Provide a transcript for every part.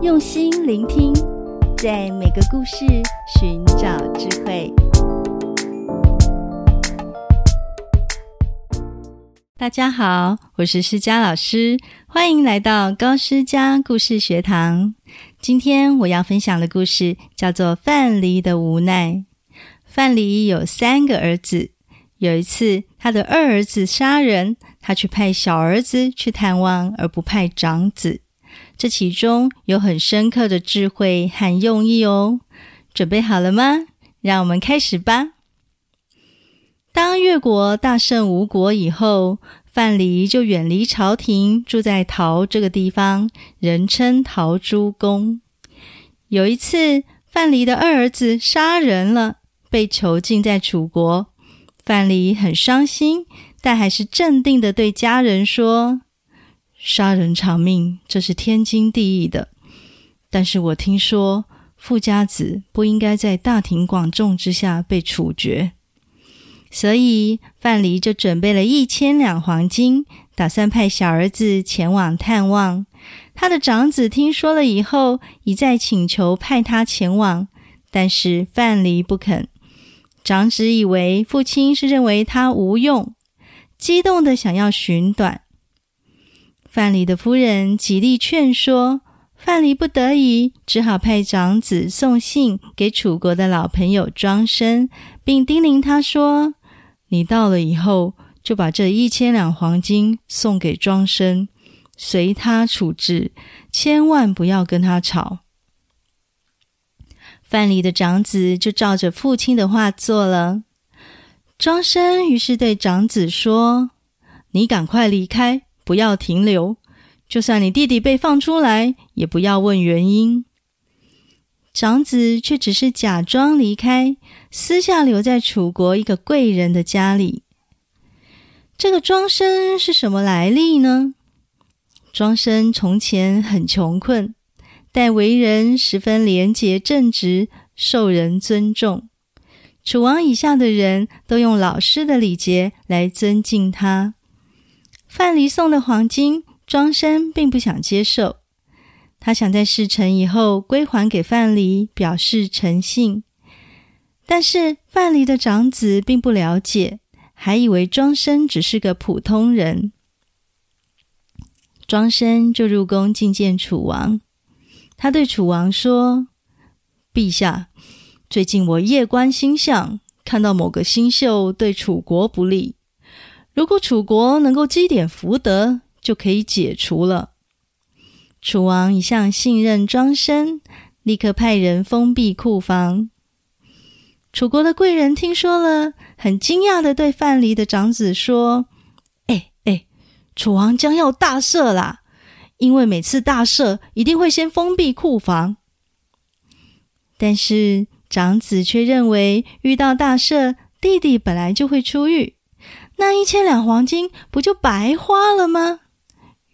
用心聆聽，在每個故事尋找智慧。大家好，我是詩佳老師，歡迎來到高詩佳故事學堂。今天我要分享的故事叫做《范蠡的無奈》。范蠡有三個兒子，有一次他的二兒子殺人，他去派小兒子去探望，而不派長子。這其中有很深刻的智慧和用意哦，準備好了嗎？讓我們開始吧。當越國大勝吳國以後，范蠡就遠離朝廷，住在陶這個地方，人稱陶朱公。有一次，范蠡的二兒子殺人了，被囚禁在楚國，范蠡很傷心，但還是鎮定地對家人說。殺人償命，這是天經地義的。但是我聽說富家子不應該在大庭廣眾之下被處決，所以范蠡就準備了一千兩黃金，打算派小兒子前往探望。他的長子聽說了以後，一再請求派他前往，但是范蠡不肯。長子以為父親是認為他無用，激動的想要尋短。范蠡的夫人極力勸說，范蠡不得已，只好派長子送信給楚國的老朋友莊生，並叮嚀他說：“你到了以後，就把這一千兩黃金送給莊生，隨他處置，千萬不要跟他吵。”范蠡的長子就照着父親的話做了。莊生於是對長子說：“你趕快離開。”不要停留，就算你弟弟被放出來，也不要問原因。長子卻只是假裝離開，私下留在楚國一個貴人的家裡。這個莊生是什麼來歷呢？莊生從前很窮困，但為人十分廉潔正直，受人尊重。楚王以下的人都用老師的禮節來尊敬他。范蠡送的黃金，莊生並不想接受，他想在事成以後歸還給范蠡，表示誠信。但是范蠡的長子並不了解，還以為莊生只是個普通人。莊生就入宮覲見楚王，他對楚王說：“陛下，最近我夜觀星象，看到某個星宿對楚國不利。”如果楚國能夠積點福德，就可以解除了。楚王一向信任莊生，立刻派人封閉庫房。楚國的貴人聽說了，很驚訝的對范蠡的長子說：“哎哎，楚王將要大赦啦！因為每次大赦一定會先封閉庫房。”但是長子卻認為，遇到大赦，弟弟本來就會出獄。那一千兩黃金不就白花了嗎？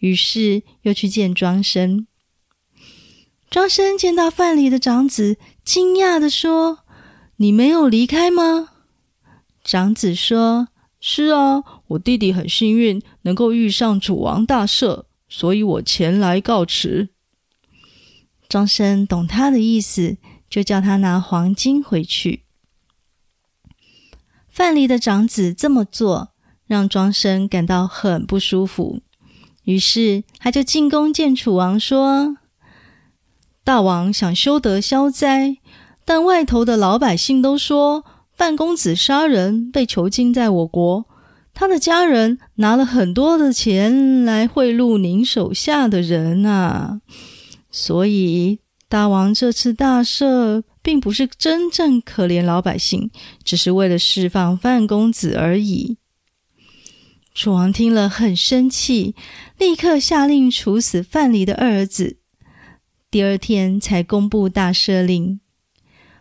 於是又去見莊生。莊生見到范蠡的長子，驚訝地說：“你沒有離開嗎？”長子說：“是啊，我弟弟很幸運能夠遇上楚王大赦，所以我前來告辭。”莊生懂他的意思，就叫他拿黃金回去。范蠡的長子這麼做。讓莊生感到很不舒服，於是他就進宮見楚王，說：“大王想修德消災，但外頭的老百姓都說范公子殺人，被囚禁在我國，他的家人拿了很多的錢來賄賂您手下的人啊，所以大王這次大赦，並不是真正可憐老百姓，只是為了釋放范公子而已。”楚王聽了很生氣，立刻下令處死范蠡的二兒子。第二天才公布大赦令，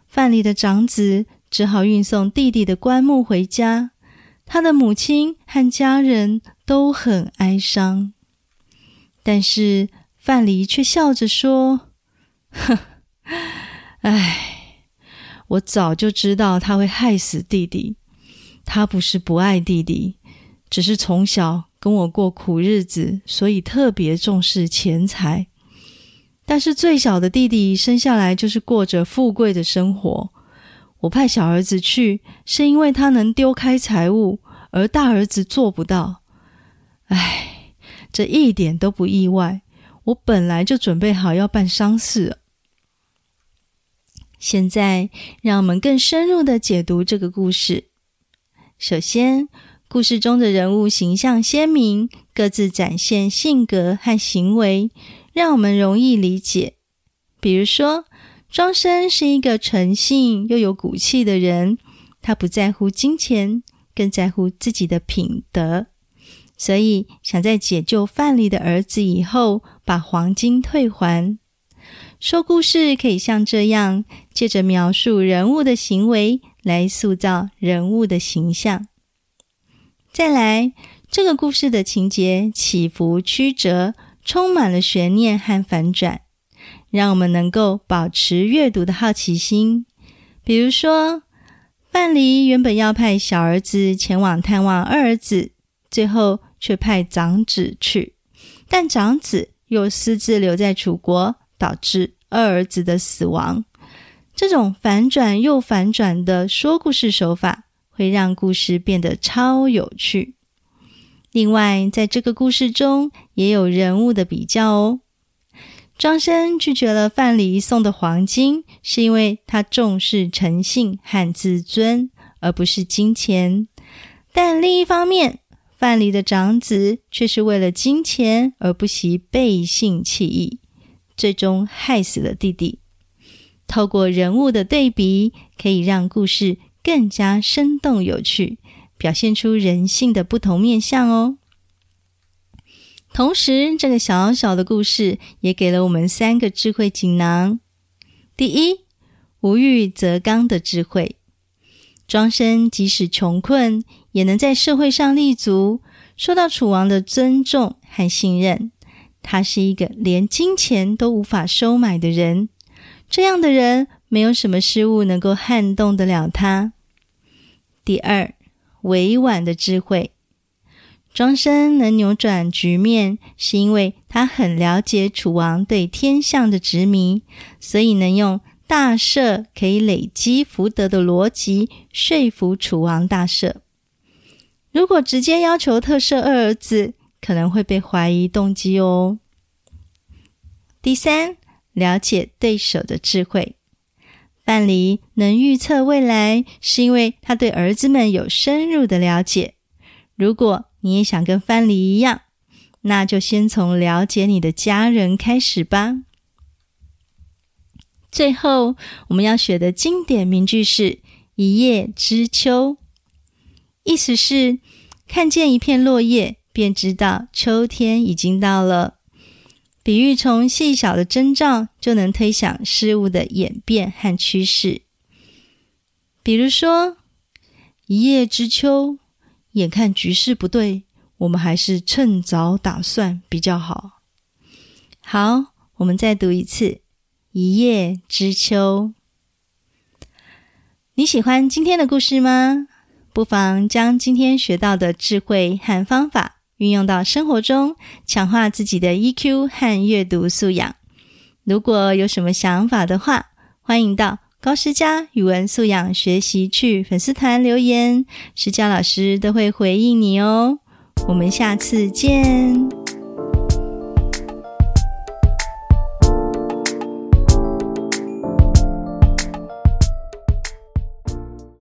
范蠡的長子只好運送弟弟的棺木回家。他的母親和家人都很哀傷，但是范蠡卻笑着說：“哼，唉，我早就知道他會害死弟弟，他不是不愛弟弟。”只是從小跟我過苦日子，所以特別重視錢財。但是最小的弟弟生下來就是過着富貴的生活。我派小兒子去，是因為他能丟開財物，而大兒子做不到。唉，這一點都不意外。我本來就準備好要辦喪事了。現在，讓我們更深入地解讀這個故事。首先。故事中的人物形象鮮明，各自展現性格和行為，讓我們容易理解。比如說，莊生是一個誠信又有骨氣的人，他不在乎金錢，更在乎自己的品德。所以想在解救范蠡的兒子以後，把黃金退還。說故事可以像這樣，借着描述人物的行為來塑造人物的形象。再來，這個故事的情節起伏曲折，充滿了懸念和反轉，讓我們能夠保持閱讀的好奇心。比如說，范蠡原本要派小兒子前往探望二兒子，最後卻派長子去，但長子又私自留在楚國，導致二兒子的死亡。這種反轉又反轉的說故事手法，會讓故事變得超有趣。另外，在這個故事中也有人物的比較哦。莊生拒絕了范蠡送的黃金，是因為他重視誠信和自尊，而不是金錢。但另一方面，范蠡的長子卻是為了金錢而不惜背信棄義，最終害死了弟弟。透過人物的對比，可以讓故事，更加生動有趣，表現出人性的不同面向哦。同時，這個小小的故事也給了我們三個智慧錦囊：第一，無欲則剛的智慧。莊生即使窮困，也能在社會上立足，受到楚王的尊重和信任。他是一個連金錢都無法收買的人，這樣的人。沒有什麼事物能夠撼動得了他。第二，委婉的智慧。莊生能扭轉局面，是因為他很了解楚王對天象的執迷，所以能用大赦可以累積福德的邏輯說服楚王大赦。如果直接要求特赦二兒子，可能會被懷疑動機哦。第三，了解對手的智慧。范蠡能預測未來，是因為他對兒子們有深入的了解。如果你也想跟范蠡一樣，那就先從了解你的家人開始吧。最後，我們要學的經典名句是“一葉知秋”，意思是看見一片落葉，便知道秋天已經到了。比喻從細小的徵兆就能推想事物的演變和趨勢，比如說“一葉知秋”，眼看局勢不對，我們還是趁早打算比較好。好，我們再讀一次“一葉知秋”。你喜歡今天的故事嗎？不妨將今天學到的智慧和方法。運用到生活中，強化自己的 EQ 和閱讀素養。如果有什麼想法的話，歡迎到高詩佳語文素養學習區粉絲團留言，詩佳老師都會回應你哦。我們下次見。